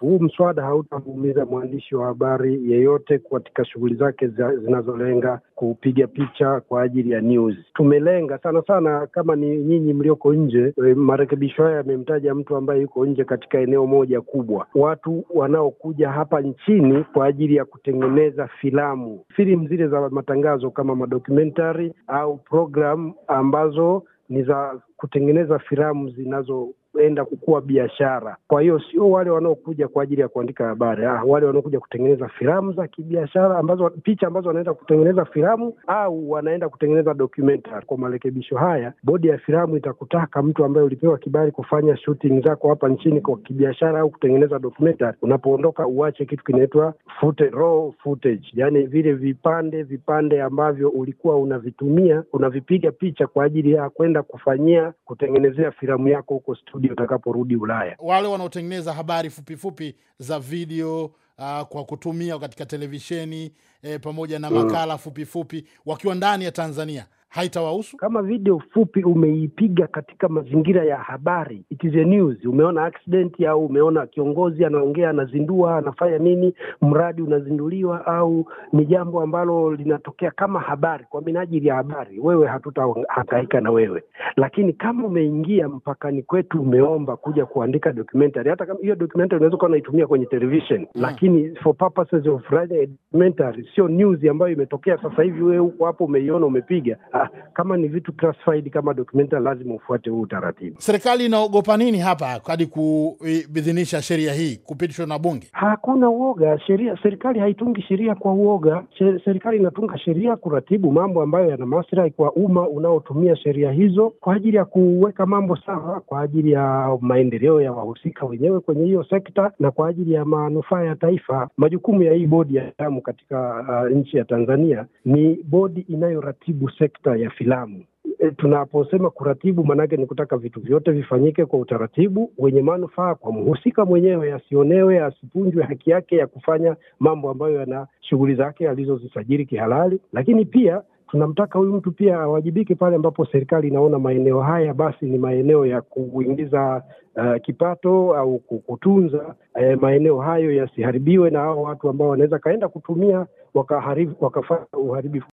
huu mswada hautamuumiza mwandishi wa habari yeyote katika shughuli zake zinazolenga kupiga picha kwa ajili ya news. Tumelenga sana sana, kama ni nyinyi mlioko nje. Eh, marekebisho haya yamemtaja mtu ambaye yuko nje katika eneo moja kubwa, watu wanaokuja hapa nchini kwa ajili ya kutengeneza filamu, filamu zile za matangazo kama madokumentari au program ambazo ni za kutengeneza filamu zinazo kuenda kukua biashara. Kwa hiyo sio wale wanaokuja kwa ajili ya kuandika habari ah, wale wanaokuja kutengeneza filamu za kibiashara ambazo picha ambazo wanaenda kutengeneza filamu au wanaenda kutengeneza documentary. Kwa marekebisho haya, bodi ya filamu itakutaka mtu ambaye ulipewa kibali kufanya shooting zako hapa nchini kwa kibiashara au kutengeneza documentary, unapoondoka uache kitu kinaitwa raw footage, yani vile vipande vipande ambavyo ulikuwa unavitumia unavipiga picha kwa ajili ya kwenda kufanyia kutengenezea filamu yako huko studio video utakaporudi Ulaya. Wale wanaotengeneza habari fupifupi fupi za video uh, kwa kutumia katika televisheni eh, pamoja na mm. makala fupifupi fupi, wakiwa ndani ya Tanzania haitawahusu. Kama video fupi umeipiga katika mazingira ya habari, it is a news. Umeona accident au umeona kiongozi anaongea, anazindua, anafanya nini, mradi unazinduliwa, au ni jambo ambalo linatokea kama habari, kwa minajili ya habari, wewe hatutahangaika na wewe. Lakini kama umeingia mpakani kwetu, umeomba kuja kuandika documentary, hata kama hiyo documentary unaweza kuwa unaitumia kwenye television hmm, lakini for purposes of writing a documentary, sio news ambayo imetokea sasa hivi, wewe huko hapo umeiona, umepiga kama ni vitu classified kama dokumenta, lazima ufuate huu utaratibu. Serikali inaogopa nini hapa hadi kuidhinisha sheria hii kupitishwa na Bunge? Hakuna uoga sheria, serikali haitungi sheria kwa uoga. Serikali inatunga sheria kuratibu mambo ambayo yana maslahi kwa umma unaotumia sheria hizo kwa ajili ya kuweka mambo sawa, kwa ajili ya maendeleo ya wahusika wenyewe kwenye hiyo sekta na kwa ajili ya manufaa ya taifa. Majukumu ya hii bodi ya damu katika uh, nchi ya Tanzania ni bodi inayoratibu sekta sekta ya filamu. E, tunaposema kuratibu, maanake ni kutaka vitu vyote vifanyike kwa utaratibu wenye manufaa kwa mhusika mwenyewe, asionewe, asipunjwe haki yake ya kufanya mambo ambayo yana shughuli zake alizozisajiri kihalali, lakini pia tunamtaka huyu mtu pia awajibike pale ambapo serikali inaona maeneo haya basi ni maeneo ya kuingiza uh, kipato au kutunza uh, maeneo hayo yasiharibiwe na hao watu ambao wanaweza kaenda kutumia wakaharibu, wakafanya uharibifu.